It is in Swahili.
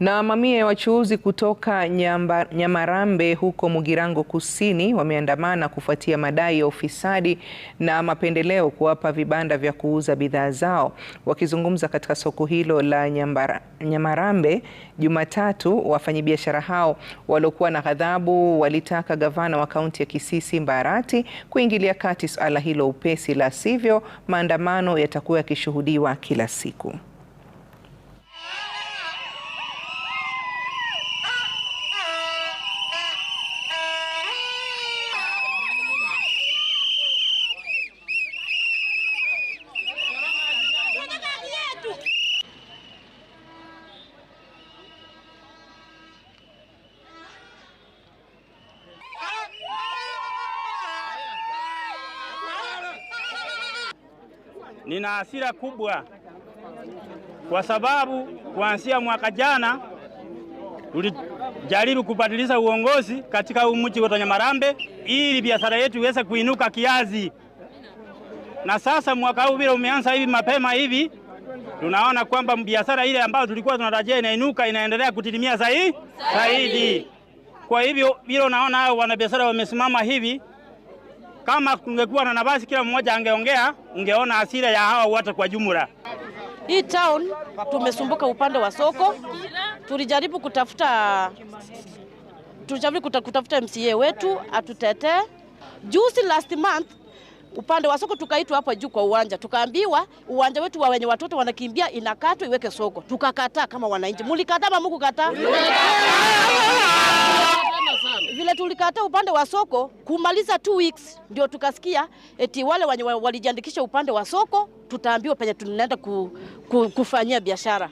Na mamia ya wachuuzi kutoka Nyamba, Nyamarambe huko Mugirango Kusini wameandamana kufuatia madai ya ufisadi na mapendeleo kuwapa vibanda vya kuuza bidhaa zao. Wakizungumza katika soko hilo la Nyambara, Nyamarambe Jumatatu, wafanyabiashara hao waliokuwa na ghadhabu walitaka gavana wa kaunti ya Kisii Simba Arati kuingilia kati suala hilo upesi, la sivyo maandamano yatakuwa yakishuhudiwa kila siku. nina hasira kubwa kwa sababu kuanzia mwaka jana tulijaribu kubadilisha uongozi katika huu mji wa Tanyamarambe ili biashara yetu iweze kuinuka kiazi na sasa mwaka huu vile umeanza hivi mapema hivi, tunaona kwamba biashara ile ambayo tulikuwa tunatarajia inainuka inaendelea kutilimia zaidi zaidi. Kwa hivyo vile unaona hao wanabiashara wamesimama hivi kama kungekuwa na nafasi kila mmoja angeongea, ungeona hasira ya hawa wote kwa jumla. Hii town tumesumbuka upande wa soko, tulijaribu kutafuta tulijaribu kutafuta MCA wetu atutetee. Juzi last month upande wa soko tukaitwa hapa juu kwa uwanja, tukaambiwa uwanja wetu wa wenye watoto wanakimbia inakatwa iweke soko. Tukakataa kama wananchi. mlikataa ama tulikataa upande wa soko kumaliza two weeks, ndio tukasikia eti wale wenye walijiandikisha upande wa soko tutaambiwa penye tunaenda ku, ku, kufanyia biashara.